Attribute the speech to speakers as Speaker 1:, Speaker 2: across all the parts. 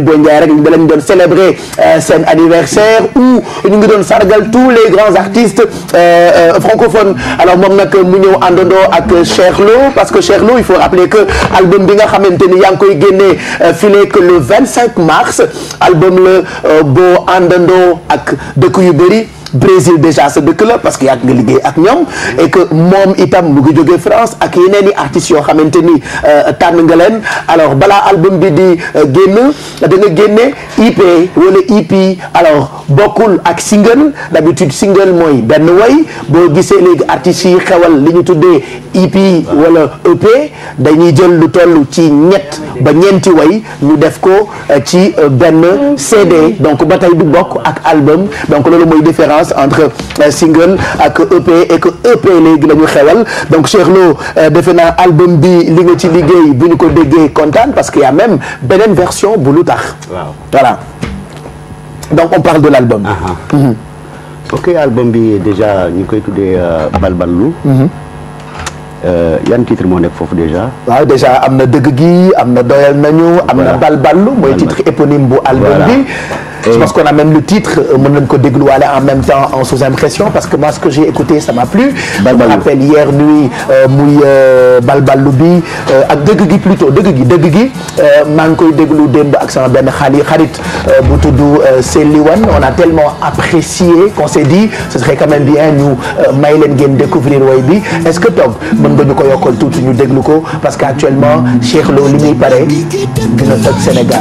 Speaker 1: nous célébrer un euh, anniversaire où nous nous donnons tous les grands artistes euh, euh, francophones alors moi nag mu avec Cherlo ak Cheikh parce que Cherlo, il faut rappeler que album bi nga xamante est que le 25 mars album le beau Andando ak de yu Brésil déjà c'est de la parce qu'il y a nga ligue avec ñoom et que mom itam mu ngi France ak qui artiste yo artiste euh ni tànn nga alors bala album bi di euh, génn da nga génne IP wala EP alors bokul ak single d'habitude single moy ben way bo gisee les artistes yi xewal liñu tuddé EP wala EP dañuy jël lu tollu ci ñet ba ñenti way ñu def ko euh, ci euh, ben CD donc bataille du à ak album donc lolu moy différence entre entre euh, single avec EP et que EP les la donc cher Lo euh, defe naa album bi li nga ci ko parce qu'il y a même une version bu lu voilà donc on parle de l'album. Ok,
Speaker 2: -huh. mm -hmm. ok album bi déjà ñu koy tuddee euh, Balballu. Mhm. titre moo nekk déjà.
Speaker 1: waaw déjà y a « dëgg gi il y doyal nañu. balballu titre éponyme bu album bi. Euh. Je pense qu'on a même le titre, Mon Mononko Deglouale, en même temps en sous-impression, parce que moi, ce que j'ai écouté, ça m'a plu. Je me rappelle hier nuit, euh, Mouille euh, Balbaloubi, ak Degugi plutôt Degugi, Degugi, Manko koy déglu démb ak xarit Seliwan on a tellement apprécié qu'on s'est dit ce serait quand même bien nous Maïlen leen découvrir way bi est-ce que Top Mon nga ñu ko nous tuuti ñu ko parce qu'actuellement Cheikh Lo li paraît, Sénégal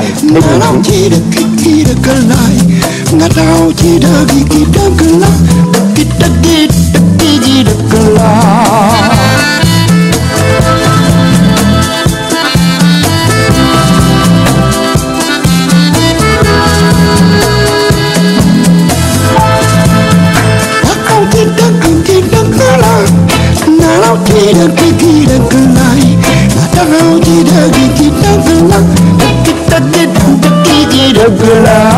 Speaker 2: gidakalai ngadau jidagi kidagala kidagi dagi jidakala Tidak, tidak, tidak, good love.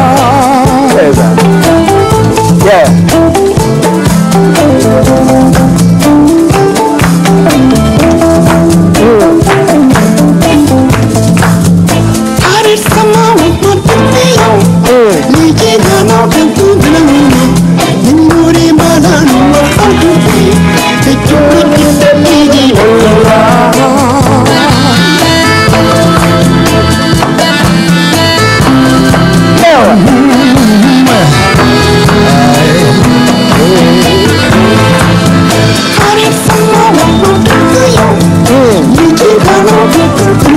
Speaker 2: Thank you.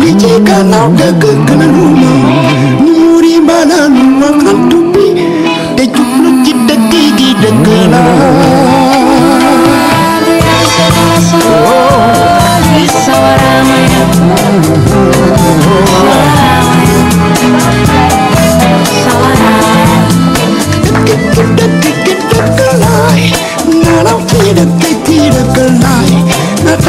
Speaker 2: Nichikanauda kakanuma Niurimana numakantupi Dechuklu chita kiki dakana Sawaramaya Sawaramaya Sawaramaya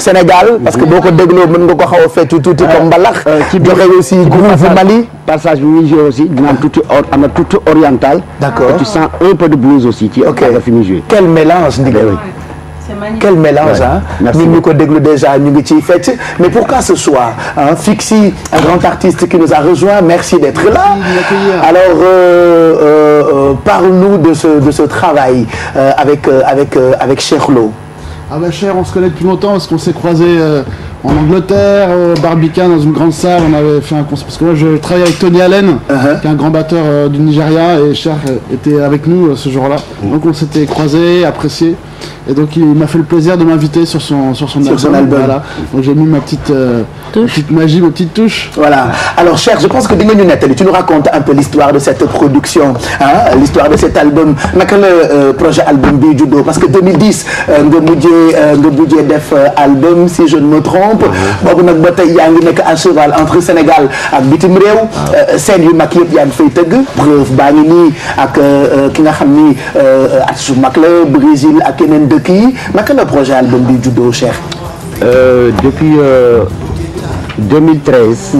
Speaker 1: Sénégal parce que beaucoup de gens ont nga tout tout a feccu tuuti comme euh, mbalax euh, aussi groove Mali passage bi aussi on a tout oriental d'accord tu sens un peu de blues aussi qui ok quel mélange ndigal
Speaker 3: eh quel mélange nous
Speaker 1: nous hein. ñu déjà ñu ngi mais pourquoi ce soir hein Fixi un grand artiste qui nous a rejoint merci d'être là alors euh, euh, euh, parle-nous de ce de ce travail avec avec avec Cheikh
Speaker 3: ah bah cher, on se connaît depuis longtemps parce qu'on s'est croisés euh, en Angleterre, au Barbican, dans une grande salle. On avait fait un concert parce que moi je travaillais avec Tony Allen, uh-huh. qui est un grand batteur euh, du Nigeria, et Cher euh, était avec nous ce jour-là. Oh. Donc on s'était croisés, appréciés. Et donc il m'a fait le plaisir de m'inviter sur son, sur son sur album. Son album. Voilà. Donc j'ai mis ma petite, euh, petite magie, ma petite touche.
Speaker 1: Voilà. Alors cher, je pense que Nathalie, tu nous racontes un peu l'histoire de cette production, hein, l'histoire de cet album. Quel euh, projet album du judo Parce que 2010, le budget def euh, album, si je ne me trompe. Ah ba a entre Sénégal et bitim C'est ah euh, seen yu mag yëpp yaa preuve Brésil quels est le projet album judo
Speaker 2: euh, depuis 2013. Euh,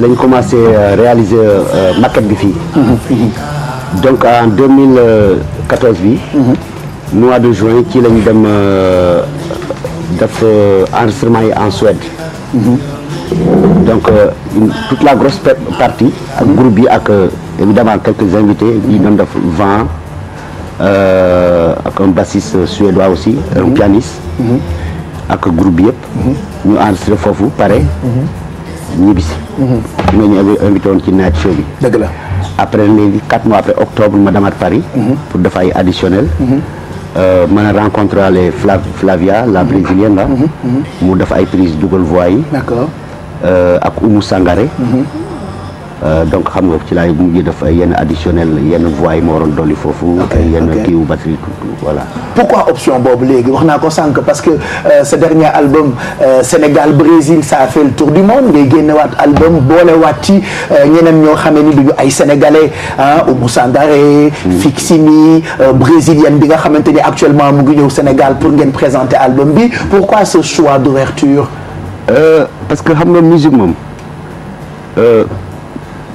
Speaker 2: j'ai mhm. commencé à euh, réaliser euh, maquette bi mhm. Mhm. donc en 2014 bi. mois de juin qui lañ dem enregistrement en Suède. donc toute la grosse partie, mm groupe, avec, évidemment quelques invités, ils donnent 20, Euh, ak un bassiste suédois aussi un mhm. pianiste mhm. ak groupe bi yëpp mhm. ñu enregistré foofu pare ñibbisi ñooñu invité woon ci night show bi dëgg la après léegi quatre mois après octobre ma demaat Paris pour def ay additionnel euh, mën a rencontré les Flavia la brésilienne la mu def ay prise dugal voix yi euh, ak Oumou Sangaré Euh, donc xam nga ci laay ngi def ay yenn additionnel une voix mo ron doli fofu foofu. ok yenn kii batterie voilà.
Speaker 1: pourquoi option Bob légui waxna ko parce que euh, ce dernier album euh, Sénégal Brésil ça a fait le tour du monde ngay génnewaat album il ci ñeneen ñoo xamé ni duñu ay sénégalais ah Oumou Fiximi brésilienne bi nga xamante actuellement mu ngi au Sénégal pour ngeen présenter album bi pourquoi ce choix d'ouverture. parce que xam nga musique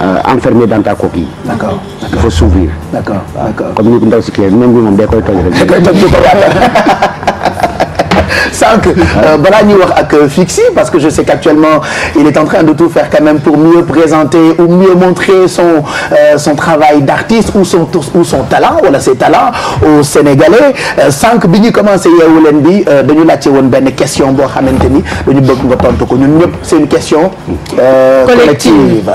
Speaker 2: Euh, enfermé dans ta coquille. d'accord il faut s'ouvrir.
Speaker 1: d'accord d'accord
Speaker 2: comme nous ndaw si que même nous on décolle koy
Speaker 1: 5. que ñuy wax ak Fixi parce que je sais qu'actuellement il est en train de tout faire quand même pour mieux présenter ou mieux montrer son euh, son travail d'artiste ou son ou son talent voilà, ses talents aux Sénégalais euh, Sans que ñu commencé yeewu leen bi euh, dañu question c'est une question collective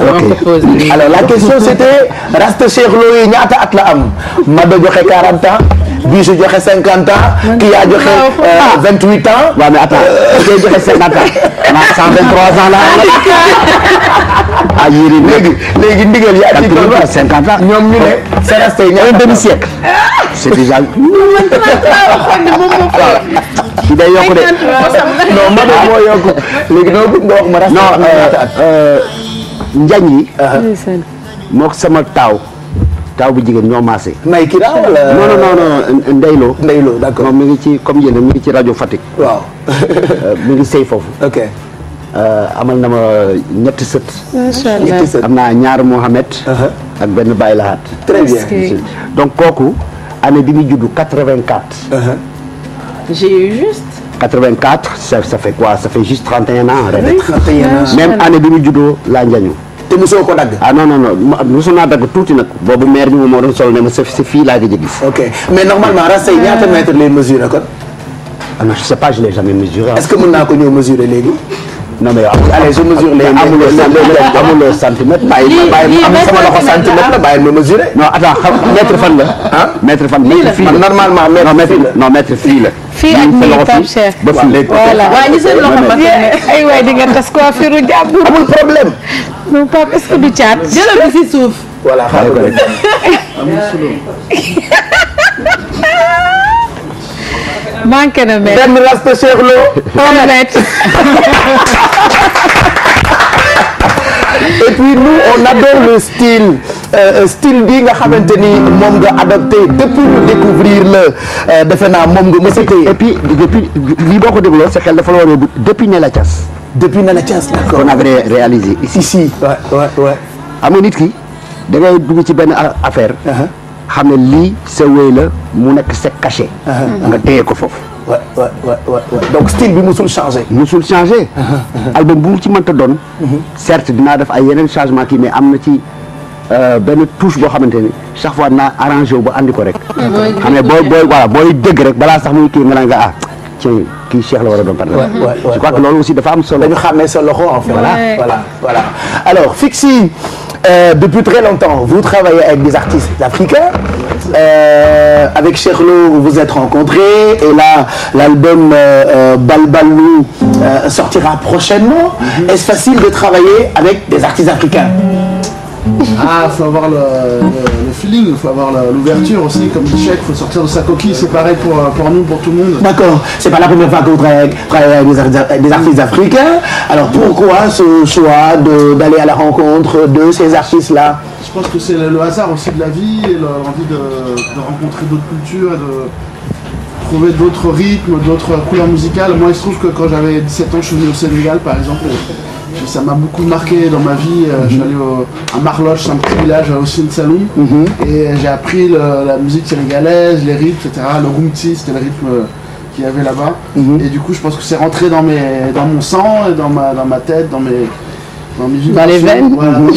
Speaker 1: alors la question c'était reste Cheikh Lo yi at la am 40 ans bii su joxe cinquante ans. yaa joxe euh, vingt huit ans. waaw mais attends euh. kii joxe cinquante ans cent vingt trois ans la ah yéen it léegi léegi ndigal yaa ci toll ba ñoom ñu ne. c'est resté un demi siècle. Ah. c'est déjà. ki day yokk de non ma léegi doo ma. non euh, njañ yi.
Speaker 2: Ah. mook sama taw bu jigéen ñoo maase. may kii daal wala. non non non Ndeylo. Ndeylo d'accord mo ngi ci comme yéen mi ngi ci radio fatik waaw euh, mi ngi sey fofu ok euh amal na ma ñetti seut macha allah ñetti ñaar Mohamed. Uh-huh. ak ben Baye Lahat. très bien donc kooku année bi muy juddu 84. j'ai eu juste. 84 ça ça fait quoi ça fait juste 31 ans. 31 ans même année bi muy juddoo laa njañu. Tu mosoo ko dagg. ah non non non nous naa dagg tuuti nag. boobu maire bi moom moo doon sol ne ma sa si fii laa gëj ok mais normalement rasta yi ñaata euh, mètre lay mesurer kon. ah non je sais pas je l'ai jamais mesuré. Hein. est-ce que mën naa ko mesuré mesurer léegi. non mais allez je mesure les amuloo centimètre bàyyi bàyyi sama loxo centimètre la bàyyi ma mesurer non attends xam mètre fan la ah mètre fan mètre fii la normalement mètre non mètre fii la fii ak nii Pape Cheikh ba fii léegi voilà waaye ñu seen loxo ba
Speaker 1: ay waay di nga tas coiffure jàmbur amul problème non Pape est-ce que du caat jëlal bi fi suuf voilà xaaral ko manqué de mètre Ben reste Cheikh Lo. un et puis nous on adore le style euh, style bi nga xamanteni ni nga adopté depuis le découvrir le euh, defe naa nga et puis depuis li qu'on deglo c'est sa dafa la depuis a depuis Nella Thiass depuis Nella la d'accord on avait réalisé ici si Ouais, ouais, ouais.
Speaker 2: xam nga nit ki da ngay dugg ci ben affaire uh-huh xam li lii sa wéy la mu nekk sa caché uh-huh. nga téye ko foofu.
Speaker 1: donc style bi musul changé.
Speaker 2: musul changé. Uh-huh. album bu mu ci mënta doon. Uh-huh. certes dinaa def ay yeneen changement kii mais am na ci euh, benn touche boo xamante ni chaque fois naa arrangé ba andi ko rek. xam ne booy booy voilà booy dégg rek balaa sax muy kii nga naan nga ah. ci kii Cheikh la war a doon parler. je
Speaker 1: crois que loolu aussi dafa am solo. dañu xàmmee sa loxo en fait. voilà voilà voilà alors Fixi. Euh, depuis très longtemps, vous travaillez avec des artistes africains. Euh, avec Cherlo, vous vous êtes rencontrés. Et là, l'album euh, Balbalou sortira prochainement. Mhm. Est-ce facile de travailler avec des artistes africains
Speaker 3: Ah, savoir le il faut avoir l'ouverture aussi, comme dit Chèque, il faut sortir de sa coquille, c'est pareil euh, pour, nous, pour tout le monde. D'accord, c'est pas la première fois qu'on travaille avec
Speaker 1: des artistes africains, alors pourquoi ce choix d'aller à la rencontre de ces artistes-là
Speaker 3: Je pense que c'est le hasard aussi de la vie et l'envie de, rencontrer d'autres cultures de trouver d'autres rythmes, d'autres couleurs musicales. Moi, il se trouve que quand j'avais 17 ans, je suis venu au Sénégal, par exemple ça m'a beaucoup marqué dans ma vie. Euh, je suis allé à Marloche, c'est un petit village aussi une salon, mhm. et euh, j'ai appris la musique sénégalaise, les rythmes, etc. Le rumti, c'était le rythme euh, qu'il y avait là-bas. Mhm. Et du coup, je pense que c'est rentré dans, mes, dans mon sang, dans ma, dans ma tête, dans mes, dans mes Dans les veines mhm.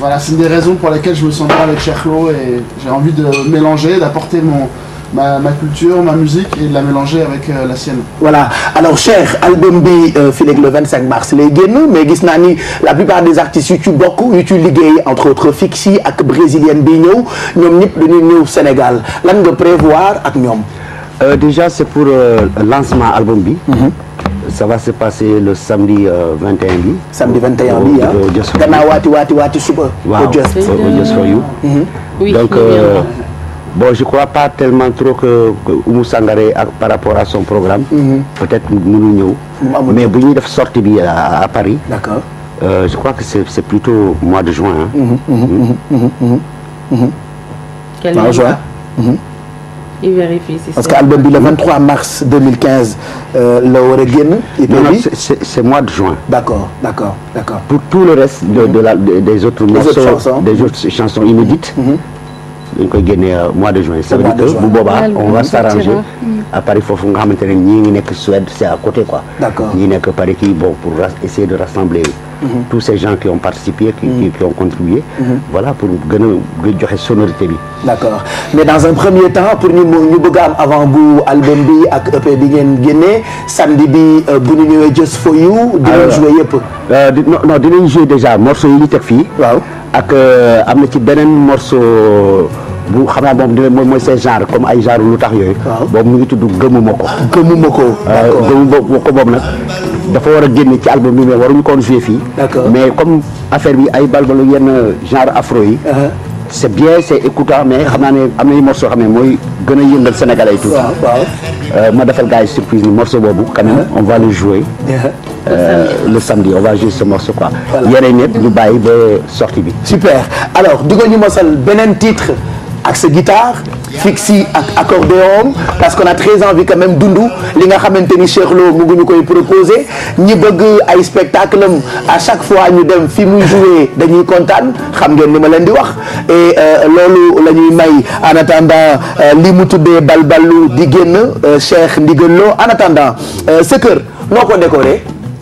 Speaker 3: Voilà, c'est une des raisons pour lesquelles je me sens bien avec Cherlo et j'ai envie de mélanger, d'apporter mon, ma, culture, ma musique et de la mélanger avec euh, la sienne. Voilà.
Speaker 1: Alors, cher, album B, euh, le 25 mars, les gains, mais Gisnani, la plupart des artistes YouTube, beaucoup utilisent, entre autres Fixi et Brésilienne Bino, nous sommes au Sénégal. quest de prévoir avec euh, nous Déjà, c'est pour euh, le lancement album B.
Speaker 2: Mhm. Ça va se passer le samedi 21 mai. Samedi 21 mai, hein. Just,
Speaker 1: you. oui, Donc,
Speaker 2: Bon, je ne crois pas tellement trop que, que Oumou par rapport à son programme. Mhm. Peut-être nous Mais Bouni de sortie à, à Paris. D'accord. Euh, je crois que c'est plutôt mois de juin.
Speaker 3: Hein. Mm Quel mois juin
Speaker 2: il vérifie si Parce qu'album le 23
Speaker 1: mars 2015, euh, le Non, c'est mois de juin. D'accord, d'accord, d'accord. Pour tout le reste
Speaker 2: des autres chansons. des autres chansons inédites, donc le mois de juin ça veut dire que bu on va s'arranger à Paris il nga que nous ñii ngi que Suède c'est à côté quoi sommes à Paris qui bon pour essayer de rassembler mm-hmm. tous ces gens qui ont participé qui, mm-hmm. ont contribué mm-hmm. voilà pour nous du joxe sonorité
Speaker 1: d'accord mais dans un premier temps pour nous, nous bëgg avant bu album bi ak EP samedi bi euh, bu ñu Just For You dinañ jouer yëpp euh, non non jouer déjà morceau
Speaker 2: yi ñu teg ak euh, amna ci benen morceau bu xam naa moy moy seen genre comme ay genre lu tax yooyu. boobu mu ngi tudd gëmuma ko. gëmuma ko euh, gëmuma dafa wara génné ci album bi mais waruñu ko woon jouer mais comme affaire bi ay balbalu yenn genre afro yi. Uh-huh. c'est bien c'est est écoutant mais xam né ne ay morceau xamné moy mooy gën a yëngal sénégalais yi tuuti. Euh, ma defal gars surprise ni morceau bobu quand même uh-huh. on va le jouer. Uh-huh. Euh, le samedi on va jouer ce morceau quoi. yeneen yëpp ñu
Speaker 1: bàyyi de sortie bi. super alors di nga ñu mosal un titre avec sa guitare. fixi ak accordéon parce qu'on a très envie quand même dundu li nga xamante ni Cheikh Lo mu ngi ñu koy nous ñi bëgg ay spectacle à chaque fois nous dem fi mou joué dañuy kontaan xam ngeen ni ma di wax et euh, loolu lañuy may en attendant euh, li mu tuddee Balbalou di génn Cheikh Ndigal en attendant ce que nous ko décoré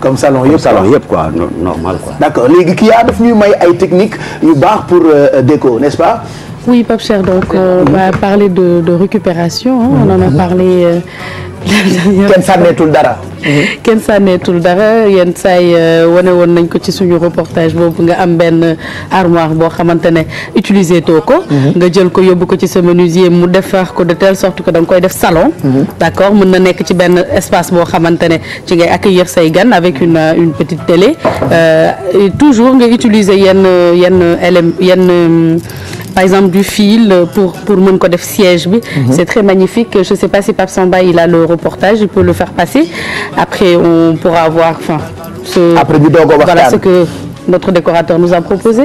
Speaker 1: comme salon yep, salon yep quoi normal quoi. D'accord. Qui a kii daf techniques pour euh, déco nest ce pas.
Speaker 2: oui Pop Cher, donc euh, mm-hmm. on va parler de récupération. Hein. on en a mm-hmm. parlé.
Speaker 1: Euh, Ken sànneetul dara.
Speaker 2: Ken sànneetul dara yenn say euh, wane woon ko ci suñu reportage boobu nga am ben armoire bo xamantene utiliser toko mhm. nga jël ko yóbbu ko ci sa menuisier mu defar ko de telle sorte que dang koy def salon. Mhm. d'accord mën na nek ci ben espace bo xamantene ci ngay accueillir say gan avec une euh, une petite télé euh toujours nga utiliser yenn euh, yenn élèves yenn par exemple du fil euh, pour pour mon codef siège bi. Mhm. c'est très magnifique je sais pas si Pape Samba il a le reportage il peut le faire passer après on pourra voir enfin. ce voilà ce que notre décorateur nous a proposé.